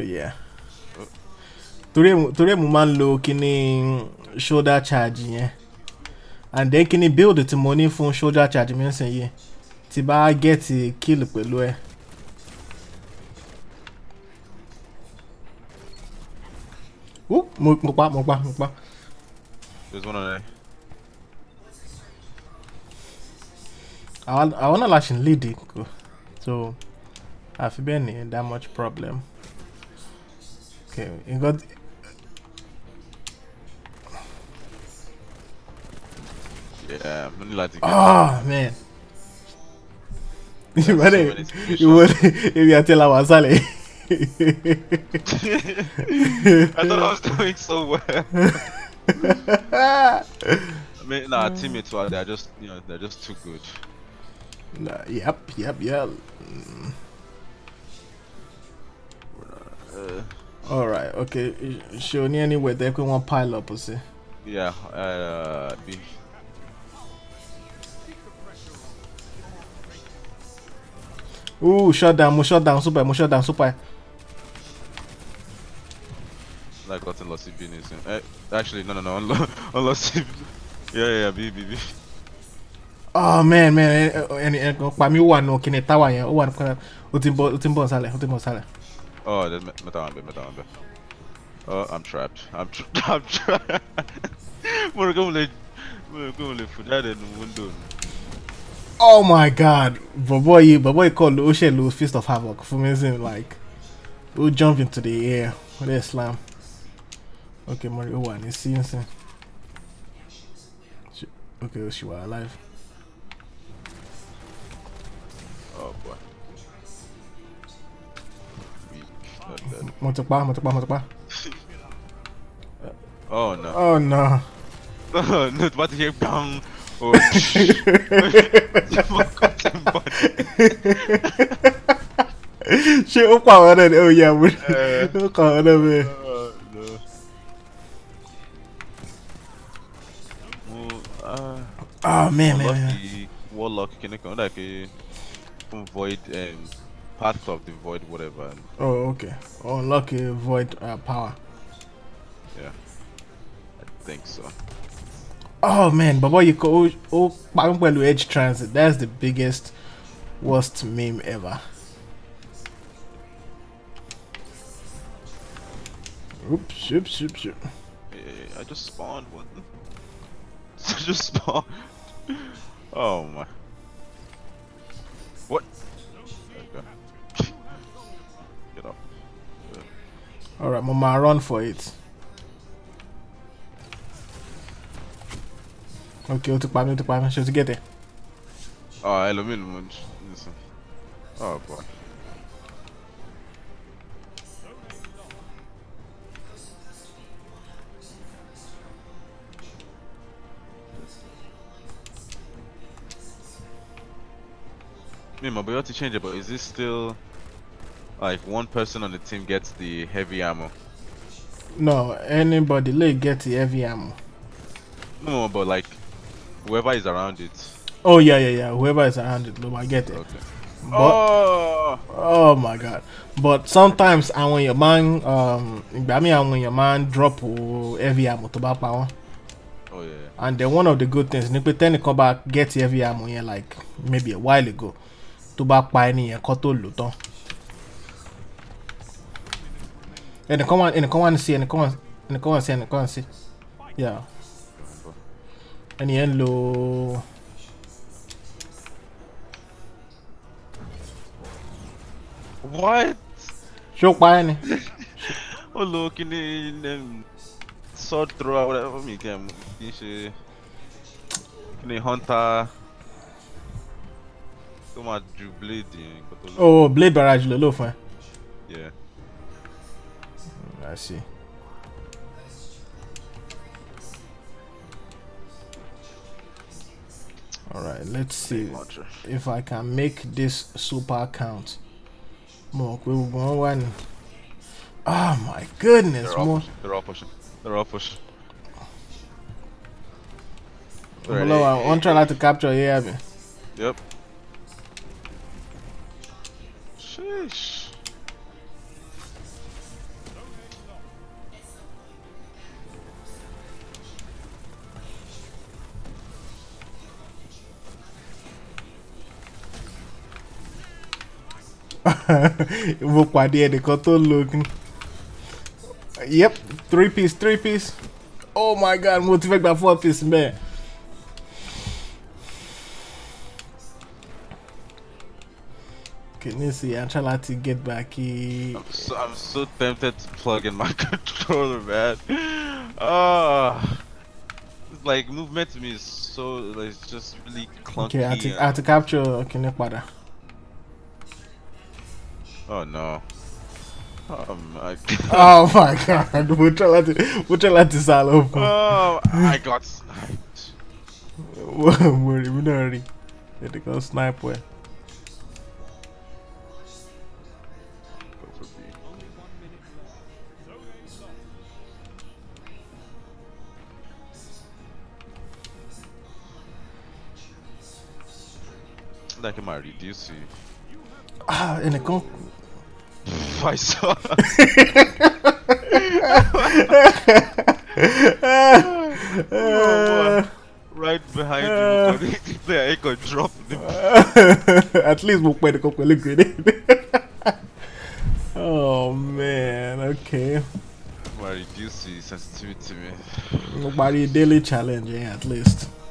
yeah. Oh, torí ẹ̀ mo máa ń lo kíní shoulder charge yẹn and then kíní build tí mo ní fún shoulder charge mi ń sìn yìí tí bá get kill pẹ̀lú ẹ̀. Woo! Mo, mo pa, mo pa, mo pa. There's one on there. Àwọn náà la ṣì ń léde. So. I've been in that much problem okay ah, you got. Yeah, mo ní like. oh man You ìwọ́lẹ̀ if you are telling wà Sally. I thought I was doing so well. I mean, nah, teammates are they're just you know they're just too good. Nah, yep, yep, yep. Mm. Uh, Alright, okay. Show ni anywhere they can one pile up or say. Yeah, uh B. Ooh, shut down, mo shut down, super, mo shut down, super. I got in Lossy B needs Eh, actually, no, no, no, on, on Lossy Yeah, yeah, yeah, B, B, B. Oh man, man, Any, any. kan pa mí wà nù kí ni táwa yẹn, ó wà nù kí ni, ó ti ń bọ̀ ó ti ń bọ̀ sálẹ̀, ó ti ń bọ̀ sálẹ̀. Oh, det met, met aanbe, met aanbe. Oh, I'm trapped. I'm, trapped. I'm trapped. Mwen kon mwen mwen kon mwen fuda den Oh my god, but boy, you, but boy, called Oshelu Fist of Havoc for me. Like, we'll jump into the air with a slam. Okay, Mario one is seeing. Okay, she was alive. Masuk pa, masuk pa, masuk pa. Oh no. Oh no. Nyt warte ich eben gang. Und Şey o kawanan o ya bu. O kawanan be. Ah man man. Warlock kini kan da ki void um parts of the void whatever. Oh, okay. Oh, lucky void uh, power. Yeah, I think so. Oh man, but what you call oh, oh Edge Transit? That's the biggest, worst meme ever. Oops, oops, oops, oops. Eh, I just spawned one. I just spawned. Oh my. Alright, Mama, run for it. Okay, ó ti pa mí, ó ti pa mí, ṣe o ti gẹ̀tẹ̀. Ọ̀ ah, ẹlòmíì ló mọ nísìn. Ọ̀ bọ̀. Mi mọ̀ gete o elomii lo mo boy. ó change it, but is this still... Like one person on the team gets the heavy ammo. No, anybody like gets the heavy ammo. No, but like whoever is around it. Oh yeah, yeah, yeah. Whoever is around it, look, I get it. Okay. But, oh. oh my god! But sometimes I want your man, um, I mean, I want your man drop heavy ammo to back power. Oh yeah. And then one of the good things, nípa tẹ́nì kan get heavy ammo here like maybe a while ago, tó back buy ẹni yẹn luton. In the comment, in the comment, see in the comment, in the comment, see in the comment, see. Yeah. And the end, low. What? Show by any. Oh, look in the sword throw, whatever me game. You see. In the hunter. Come on, do blade. Oh, blade barrage, low, fine. Yeah. I see. Alright, let's see if I can make this super count. More we're going one. Oh my goodness, they're all They're all pushing. They're all pushing. Hello, I'm try like to capture here. Yep. Sheesh. mo pàdé ẹnìkan tó lógun yep three piece three piece oh my god mo ti fẹ́ gba four piece mẹ́ẹ̀. Goodness, see, I'm trying to get back here. I'm so, I'm so tempted to plug in my controller, man. Ah, uh, like movement to me is so like just really clunky. Okay, I have to, I have to capture. Okay, no matter. Oh no. Oh, um, I... oh my god, Mutrala Mutrala over? Oh, I got sniped. Where Muri, Munari. Let it go snipe where? Onde é Do you see? Ah, in ele com I saw. oh, right behind you. There, I could drop At least walk by a couple of grenade. oh man, okay. Well, reduce the sensitivity, man. Nobody daily challenge, yeah, at least.